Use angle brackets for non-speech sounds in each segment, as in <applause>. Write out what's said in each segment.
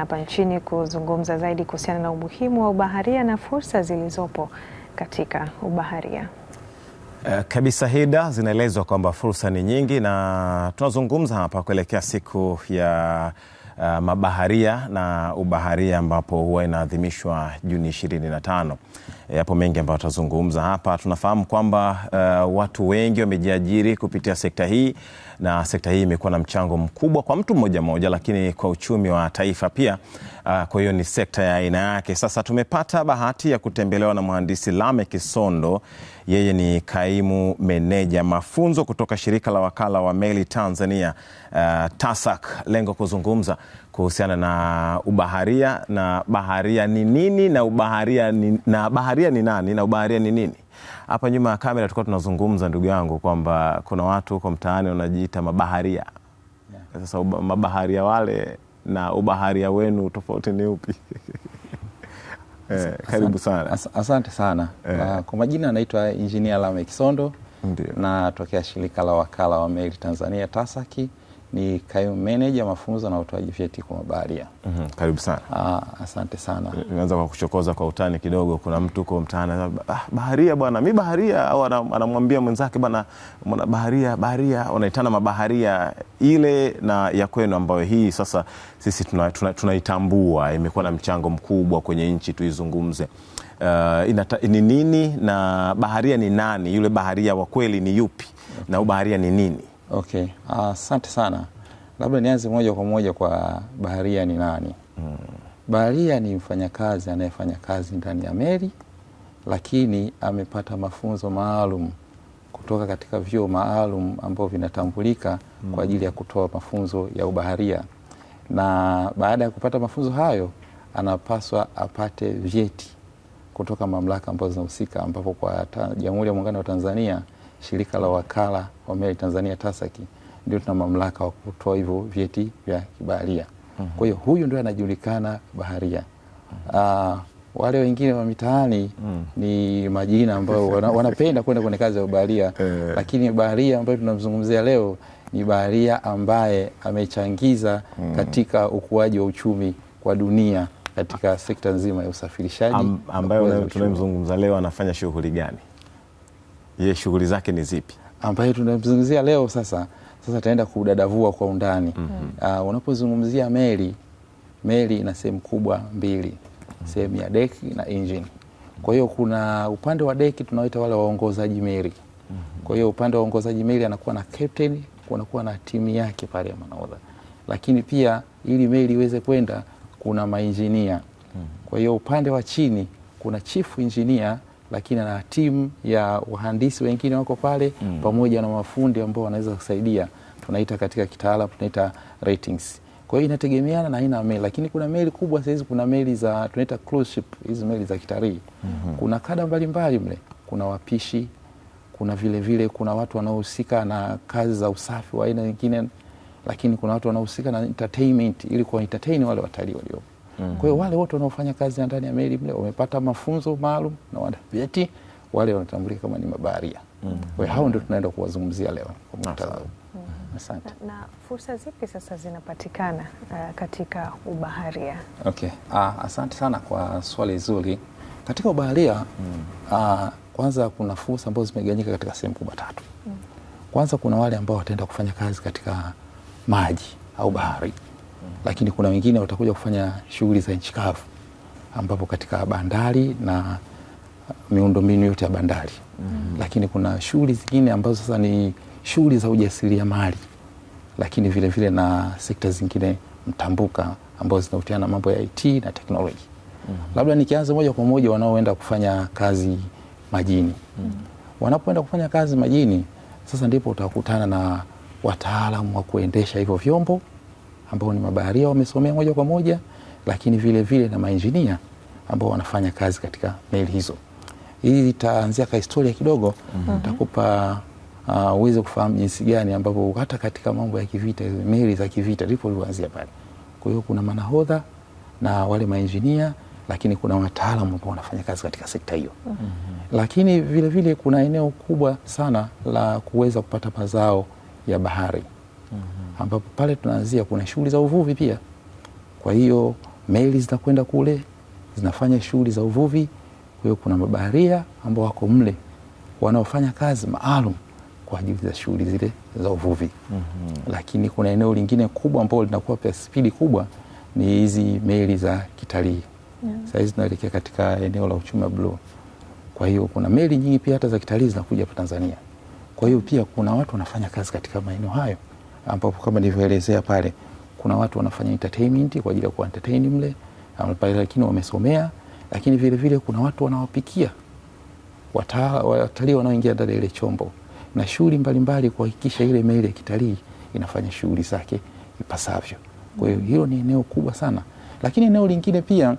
hapa nchini kuzungumza zaidi kuhusiana na umuhimu wa ubaharia na fursa zilizopo katika ubaharia. Uh, kabisa hida zinaelezwa kwamba fursa ni nyingi, na tunazungumza hapa kuelekea siku ya uh, mabaharia na ubaharia ambapo huwa inaadhimishwa Juni 25. Eh, yapo mengi ambayo tutazungumza hapa. Tunafahamu kwamba uh, watu wengi wamejiajiri kupitia sekta hii na sekta hii imekuwa na mchango mkubwa kwa mtu mmoja mmoja, lakini kwa uchumi wa taifa pia. Uh, kwa hiyo ni sekta ya aina yake. Sasa tumepata bahati ya kutembelewa na mhandisi lame kisondo yeye ni kaimu meneja mafunzo kutoka shirika la wakala wa meli Tanzania uh, ah, TASAC, lengo kuzungumza kuhusiana na ubaharia na baharia ni nini na ubaharia ni, na baharia ni nani na ubaharia ni nini. Hapa nyuma ya kamera tulikuwa tunazungumza ndugu yangu kwamba kuna watu huko mtaani wanajiita mabaharia. Sasa mabaharia wale na ubaharia wenu tofauti ni upi? <laughs> Eh, karibu sana. Asante sana eh. Ah, kwa majina anaitwa Injinia Lameck Sondo, natokea shirika la wakala wa meli Tanzania TASAC ni kaimu meneja mafunzo na utoaji vyeti kwa mabaharia. mm -hmm. Karibu sana. Aa, ah, asante sana. Naanza kwa kuchokoza kwa utani kidogo. Kuna mtu huko mtaani, ah, baharia bwana, mi baharia, au anamwambia mwenzake bwana, mwana baharia, baharia, unaitana mabaharia ile na ya kwenu, ambayo hii sasa sisi tunaitambua, tuna, tuna imekuwa na mchango mkubwa kwenye nchi, tuizungumze. Uh, ni nini na baharia ni nani? Yule baharia wa kweli ni yupi? okay. na baharia ni nini? Okay, ah, asante uh, sana. Labda nianze moja kwa moja kwa baharia ni nani? mm. Baharia ni mfanyakazi anayefanya kazi ndani ya meli, lakini amepata mafunzo maalum kutoka katika vyuo maalum ambavyo vinatambulika mm. kwa hmm. ajili ya kutoa mafunzo ya ubaharia, na baada ya kupata mafunzo hayo anapaswa apate vyeti kutoka mamlaka ambazo zinahusika, ambapo kwa Jamhuri ya Muungano wa Tanzania shirika la wakala wa meli Tanzania TASAC ndio tuna mamlaka wa kutoa hivyo vyeti vya kibaharia. mm -hmm. Kwa hiyo huyu ndio anajulikana baharia. mm -hmm. uh, wale wengine wa mitaani mm. ni majina ambayo wana, wanapenda kwenda kwenye kazi ya ubaharia <laughs> eh. Lakini baharia ambayo tunamzungumzia leo ni baharia ambaye amechangiza mm. katika ukuaji wa uchumi kwa dunia katika sekta nzima ya usafirishaji. Am, ambayo tunayemzungumza leo anafanya shughuli gani? ye shughuli zake ni zipi? ambayo tunamzungumzia leo sasa. Sasa taenda kudadavua kwa undani mm -hmm. Uh, unapozungumzia meli, meli ina sehemu kubwa mbili mm -hmm. sehemu ya deki na engine. Kwa hiyo kuna upande wa deki tunaoita wale waongozaji meli mm -hmm. Kwa hiyo upande wa waongozaji meli anakuwa na captain, kunakuwa na timu yake pale ya manahodha, lakini pia ili meli iweze kwenda kuna mainjinia mm -hmm. Kwa hiyo upande wa chini kuna chief engineer lakini ana timu ya wahandisi wengine wako pale mm. pamoja na mafundi ambao wanaweza kusaidia, tunaita katika kitaalamu tunaita ratings. Kwa hiyo inategemeana na aina ya meli, lakini kuna meli kubwa sasa hizi, kuna meli za tunaita cruise ship, hizi meli za kitalii mm -hmm. kuna kada mbalimbali mle, kuna wapishi, kuna vilevile vile, kuna watu wanaohusika na kazi za usafi wa aina nyingine, lakini kuna watu wanaohusika na entertainment ili kuwa entertain wale watalii waliopo Mm. Kwa hiyo wale wote wanaofanya kazi ndani ya meli mle wamepata mafunzo maalum na wana vyeti, wale wanatambulika kama ni mabaharia. Mm. Kwa hiyo hao ndio tunaenda kuwazungumzia leo kwa muktadha mm-hmm. Asante. Na, na fursa zipi sasa zinapatikana uh, katika ubaharia? Okay. Ah, asante sana kwa swali zuri. Katika ubaharia mm. uh, kwanza kuna fursa ambazo zimegawanyika katika sehemu kubwa tatu. Mm. Kwanza kuna wale ambao wataenda kufanya kazi katika maji au bahari lakini kuna wengine watakuja kufanya shughuli za nchi kavu, ambapo katika bandari na miundombinu yote ya bandari mm -hmm. Lakini kuna shughuli zingine ambazo sasa ni shughuli za ujasiriamali, lakini vilevile vile na sekta zingine mtambuka ambazo zinahusiana na mambo ya IT na teknoloji mm -hmm. Labda nikianza moja kwa moja wanaoenda kufanya kazi majini mm -hmm. Wanapoenda kufanya kazi majini, sasa ndipo utakutana na wataalamu wa kuendesha hivyo vyombo ambao ni mabaharia wamesomea moja kwa moja, lakini vile vile na mainjinia ambao wanafanya kazi katika meli hizo. Hii itaanzia ka historia kidogo, nitakupa mhm. mm -hmm. Ah, uweze uh, kufahamu jinsi gani ambapo hata katika mambo ya kivita, meli za kivita ndipo ilianzia pale. Kwa hiyo kuna manahodha na wale mainjinia, lakini kuna wataalamu ambao wanafanya kazi katika sekta hiyo mm -hmm. lakini vile vile kuna eneo kubwa sana la kuweza kupata mazao ya bahari. -hmm. ambapo pale tunaanzia kuna shughuli za uvuvi pia. Kwa hiyo meli zinakwenda kule zinafanya shughuli za uvuvi. Kwa hiyo kuna mabaharia ambao wako mle wanaofanya kazi maalum kwa ajili za shughuli zile za uvuvi. mm -hmm. Lakini kuna eneo lingine kubwa ambao linakuwa pia spidi kubwa ni hizi meli za kitalii. yeah. Sahizi zinaelekea katika eneo la uchumi wa bluu, kwa hiyo kuna meli nyingi pia hata za kitalii zinakuja hapa Tanzania. Kwa hiyo pia kuna watu wanafanya kazi katika maeneo hayo. mm ambapo kama nilivyoelezea pale kuna watu wanafanya entertainment kwa ajili ya entertain mle pale, lakini wamesomea, lakini vile vile kuna watu wanawapikia watalii wanaoingia ndani ile chombo na shughuli mbalimbali kuhakikisha ile meli ya kitalii inafanya shughuli zake ipasavyo. Kwa hiyo hilo ni eneo kubwa sana, lakini eneo lingine pia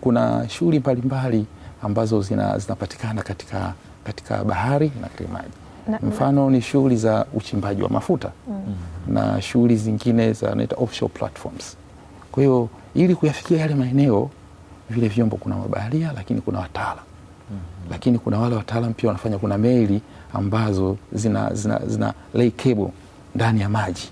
kuna shughuli mbalimbali ambazo zinapatikana zina katika, katika bahari na katika maji na, mfano ni shughuli za uchimbaji wa mafuta mm. na shughuli zingine za naita offshore platforms. Kwa hiyo ili kuyafikia yale maeneo, vile vyombo, kuna mabaharia lakini kuna wataalam mm -hmm. lakini kuna wale wataalam pia wanafanya, kuna meli ambazo zina, zina, zina lay cable ndani ya maji,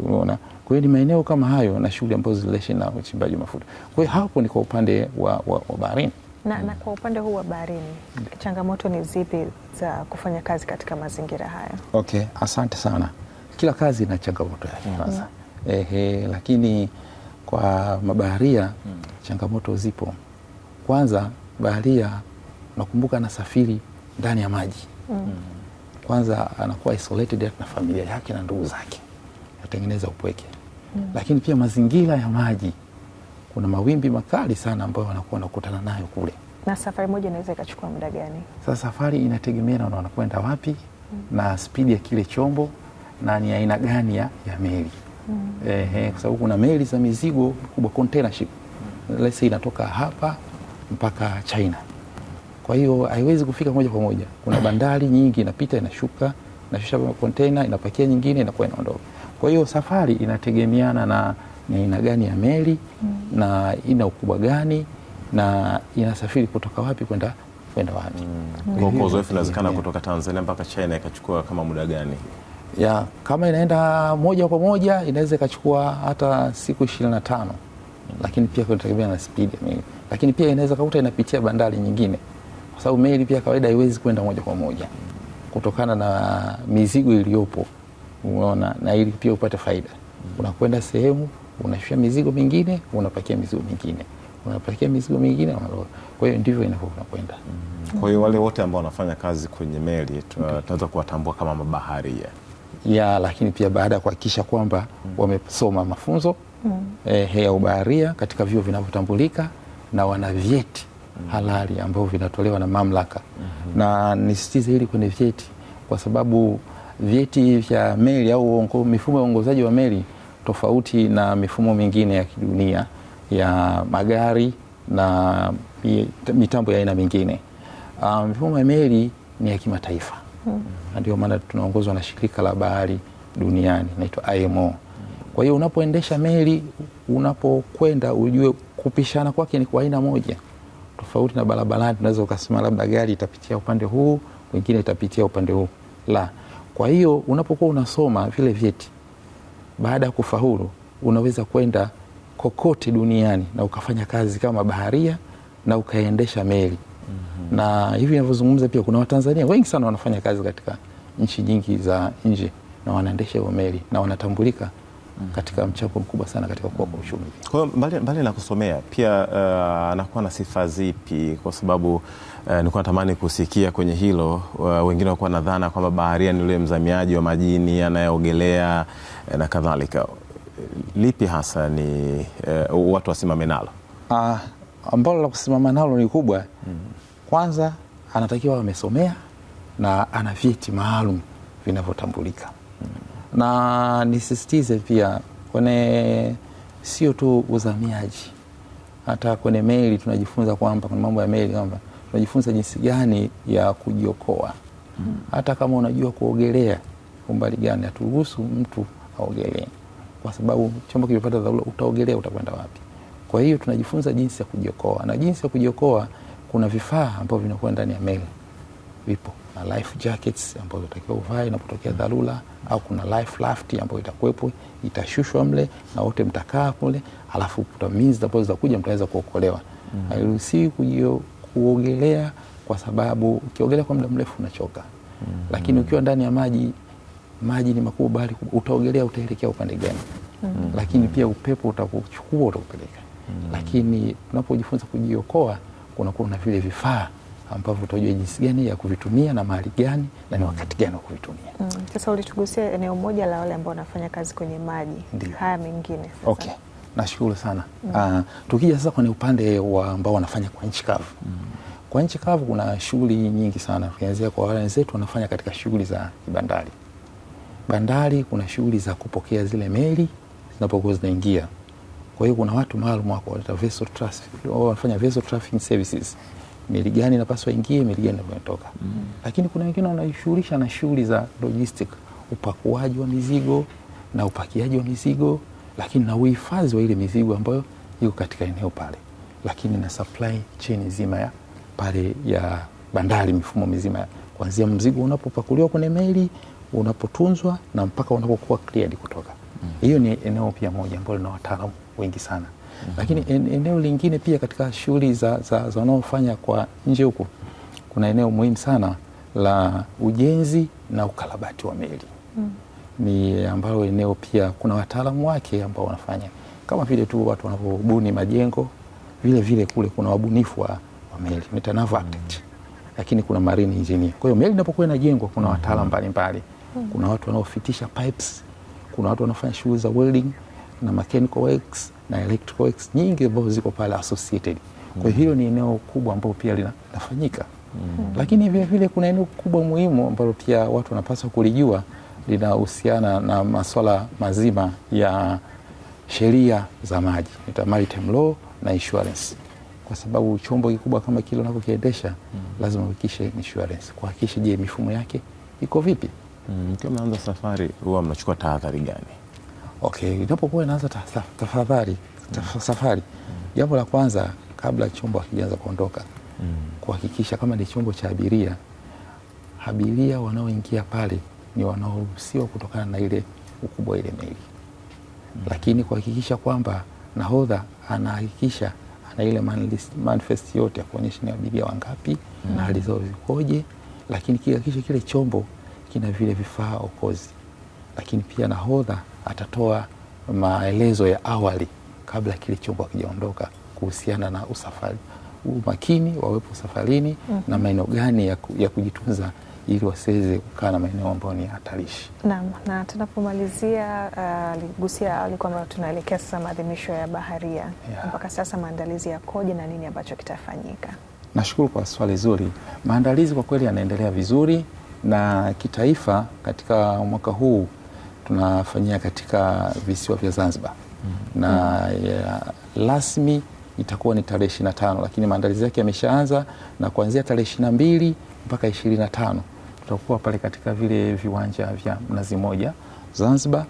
unaona. Kwa hiyo ni maeneo kama hayo na shughuli ambazo zinaleshe na uchimbaji wa mafuta. Kwa hiyo hapo ni kwa upande wa, wa, wa baharini. Na, na kwa upande huu wa baharini mm. changamoto ni zipi za kufanya kazi katika mazingira hayo? Okay, asante sana. Kila kazi ina changamoto yake mm. kwanza. Ehe, lakini kwa mabaharia mm. changamoto zipo. Kwanza baharia nakumbuka anasafiri ndani ya maji. Kwanza anakuwa isolated na familia yake na ndugu zake, atengeneza upweke, lakini pia mazingira ya maji kuna mawimbi makali sana ambayo wanakuwa wanakutana nayo kule. Na safari moja inaweza ikachukua muda gani? Sasa safari inategemea na wanakwenda wapi, mm. na spidi ya kile chombo na ni aina gani ya, ya meli mm. Eh, kwa sababu kuna meli za mizigo kubwa container ship let's say inatoka hapa mpaka China, kwa hiyo haiwezi kufika moja kwa moja. Kuna bandari nyingi inapita, inashuka, inashusha container, inapakia nyingine, inakuwa inaondoka. Kwa hiyo safari inategemeana na ni aina gani ya meli mm. na ina ukubwa gani na inasafiri kutoka wapi kwenda kwenda wapi. Mm. Mm. Kwa mm. uzoefu inawezekana kutoka Tanzania mpaka China ikachukua kama muda gani? ya kama inaenda moja kwa moja inaweza ikachukua hata siku ishirini na tano mm. lakini pia kunategemea na spidi ya meli, lakini pia inaweza kakuta inapitia bandari nyingine, kwa sababu meli pia kawaida haiwezi kwenda moja kwa moja mm. kutokana na mizigo iliyopo unaona, na ili pia upate faida mm-hmm. unakwenda sehemu unashusha mizigo mingine unapakia mizigo mingine unapakia mizigo mingine unaloa. Kwa hiyo ndivyo inakuwa unakwenda. mm. Kwa hiyo wale wote ambao wanafanya kazi kwenye meli tunaweza okay. kuwatambua kama mabaharia ya, lakini pia baada ya kuhakikisha kwamba mm. wamesoma mafunzo mm. eh, ya ubaharia katika vyuo vinavyotambulika na wana vyeti mm. halali ambavyo vinatolewa na mamlaka mm -hmm. na nisitize hili kwenye vyeti kwa sababu vyeti vya meli au uongo, mifumo ya uongozaji wa meli tofauti na mifumo mingine ya kidunia ya magari na mitambo ya aina mingine. Uh, mifumo ya meli ni ya kimataifa hmm. Ndio maana tunaongozwa na shirika la bahari duniani naitwa IMO. Kwa hiyo unapoendesha meli, unapokwenda ujue kupishana kwake ni kwa aina moja, tofauti na barabarani. Unaweza ukasema labda gari itapitia upande huu, wengine itapitia upande huu, la kwa hiyo unapokuwa unasoma vile vyeti, baada ya kufaulu unaweza kwenda kokote duniani na ukafanya kazi kama baharia na ukaendesha meli mm -hmm. na hivi ninavyozungumza pia kuna Watanzania wengi sana wanafanya kazi katika nchi nyingi za nje na wanaendesha hiyo meli na wanatambulika katika mchango mkubwa sana katika kukua kwa uchumi. Kwa hiyo mbali, mbali na kusomea pia uh, anakuwa na sifa zipi? Kwa sababu uh, nilikuwa natamani kusikia kwenye hilo uh, wengine wakuwa na dhana kwamba baharia ni yule mzamiaji wa majini anayeogelea uh, na kadhalika. Lipi hasa ni uh, watu wasimame nalo? Uh, ambalo la kusimama nalo ni kubwa mm. Kwanza anatakiwa amesomea na ana vyeti maalum vinavyotambulika mm na nisisitize pia kwenye sio tu uzamiaji, hata kwenye meli tunajifunza kwamba kwenye mambo ya meli kwamba tunajifunza jinsi gani ya kujiokoa hmm. Hata kama unajua kuogelea umbali gani, aturuhusu mtu aogelee, kwa sababu chombo kimepata dharura, utaogelea utakwenda wapi? Kwa hiyo tunajifunza jinsi ya kujiokoa, na jinsi ya kujiokoa kuna vifaa ambavyo vinakuwa ndani ya meli vipo kuna life jackets ambazo utakiwa uvae inapotokea dharura, au kuna life raft ambayo itakuwepo, itashushwa mle na wote mtakaa kule, alafu ambazo zitakuja mtaweza kuokolewa. Hairuhusiwi mm. kuogelea kwa sababu ukiogelea kwa muda mrefu unachoka mm. lakini ukiwa ndani ya maji, maji ni makubwa, bahari kubwa, utaogelea utaelekea upande gani? mm. lakini pia upepo utakuchukua utakupeleka. mm. lakini tunapojifunza kujiokoa kunakuwa na vile vifaa ambavyo utajua jinsi gani ya kuvitumia na mahali gani na ni mm. wakati gani wa kuvitumia. Mm. Sasa ulitugusia eneo moja la wale ambao wanafanya kazi kwenye maji. Ndiyo. Haya mengine sasa. Okay. Nashukuru sana. Mm. Uh, tukija sasa kwenye upande wa ambao wanafanya kwa nchi kavu. Mm. Kwa nchi kavu kuna shughuli nyingi sana ukianzia kwa wale wenzetu wanafanya katika shughuli za bandari. Bandari kuna shughuli za kupokea zile meli zinapokuwa zinaingia. Kwa hiyo kuna watu maalum wako wanafanya vessel traffic services meli gani inapaswa ingie, meli gani inatoka. mm. Lakini kuna wengine wanajishughulisha na shughuli za logistic, upakuaji wa mizigo na upakiaji wa mizigo, lakini na uhifadhi wa ile mizigo ambayo iko katika eneo pale, lakini na supply chain zima ya pale ya bandari, mifumo mizima kuanzia mzigo unapopakuliwa kwenye meli, unapotunzwa na mpaka unapokuwa cleared kutoka. Mm. Hiyo mm. ni eneo pia moja ambalo lina wataalamu wengi sana. Lakini en, eneo lingine pia katika shughuli za, za, za wanaofanya kwa nje huku kuna eneo muhimu sana la ujenzi na ukarabati wa meli mm Ni ambayo eneo pia kuna wataalamu wake ambao wanafanya kama vile tu watu wanavyobuni majengo vile vile, kule kuna wabunifu wa, wa meli unaita naval hmm. architect, lakini kuna marine engineer. Kwa hiyo meli inapokuwa inajengwa kuna wataalamu mbalimbali hmm. Kuna watu wanaofitisha pipes, kuna watu wanaofanya shughuli za welding na mechanical works na electronics nyingi ambazo ziko pale associated. Kwa hiyo ni eneo kubwa ambalo pia linafanyika mm. -hmm. Lakini vile vile kuna eneo kubwa muhimu ambalo pia watu wanapaswa kulijua, linahusiana na masuala mazima ya sheria za maji, ita maritime law na insurance, kwa sababu chombo kikubwa kama kile unachokiendesha mm. -hmm. lazima uhakikishe insurance, kuhakikisha je, mifumo yake iko vipi? Mkiwa mm, mnaanza safari huwa mnachukua tahadhari gani? Okay, inapokuwa inaanza tafadhali mm. safari, mm. jambo la kwanza kabla chombo hakijaanza kuondoka mm. kuhakikisha kama ni chombo cha abiria, abiria wanaoingia pale ni wanaoruhusiwa kutokana na ile ukubwa ile meli mm. lakini kuhakikisha kwamba nahodha anahakikisha ana ile manifest yote ya kuonyesha ni abiria wangapi mm. na hali zao zikoje, lakini kihakikisha kile chombo kina vile vifaa okozi lakini pia nahodha atatoa maelezo ya awali kabla kile chombo akijaondoka kuhusiana na usafari, umakini wawepo safarini mm -hmm. na maeneo gani ya, ya kujitunza ili wasiweze kukaa na maeneo ambayo ni hatarishi. Naam, na tunapomalizia uh, aligusia awali kwamba tunaelekea sasa maadhimisho ya baharia yeah. Mpaka sasa maandalizi yakoje na nini ambacho kitafanyika? Nashukuru kwa swali zuri. Maandalizi kwa kweli yanaendelea vizuri, na kitaifa katika mwaka huu tunafanyia katika visiwa vya Zanzibar mm. na rasmi itakuwa ni tarehe ishirini na tano lakini maandalizi yake yameshaanza na kuanzia tarehe ishirini na mbili mpaka ishirini na tano tutakuwa pale katika vile viwanja vya Mnazi Moja Zanzibar,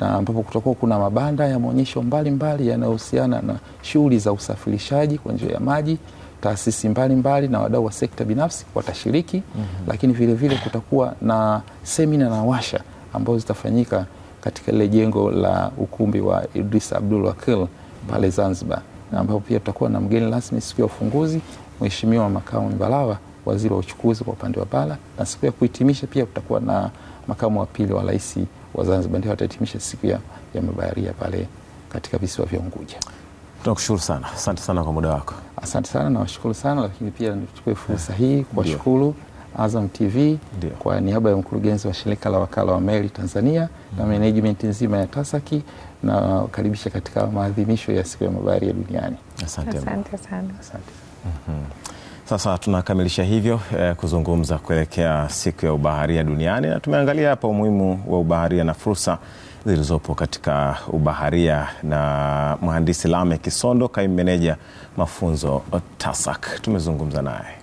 na ambapo kutakuwa kuna mabanda ya maonyesho mbalimbali yanayohusiana na shughuli za usafirishaji kwa njia ya maji. Taasisi mbalimbali na wadau wa sekta binafsi watashiriki mm -hmm. Lakini vilevile vile kutakuwa na semina na washa ambazo zitafanyika katika lile jengo la ukumbi wa Idris Abdul Wakil pale Zanzibar, ambapo pia tutakuwa na mgeni rasmi siku ya ufunguzi, Mheshimiwa Makamu Mbarawa, waziri wa uchukuzi kwa upande wa bara, na siku ya kuhitimisha pia kutakuwa na makamu wa pili wa rais wa Zanzibar, ndio atahitimisha siku ya, ya mabaharia pale katika visiwa vya Unguja. Tunakushukuru sana, asante sana kwa muda wako. Asante sana, nawashukuru sana, lakini pia nichukue fursa hii kuwashukuru Azam TV Dio. Kwa niaba ya mkurugenzi wa shirika la wakala wa meli Tanzania mm. na mm-hmm. management nzima ya Tasaki na karibisha katika maadhimisho ya siku ya mabaharia duniani. Asante sana. Mm-hmm. Sasa tunakamilisha hivyo eh, kuzungumza kuelekea siku ya ubaharia duniani, na tumeangalia hapa umuhimu wa ubaharia na fursa zilizopo katika ubaharia na mhandisi lame Kisondo, kaimu meneja mafunzo TASAC, tumezungumza naye.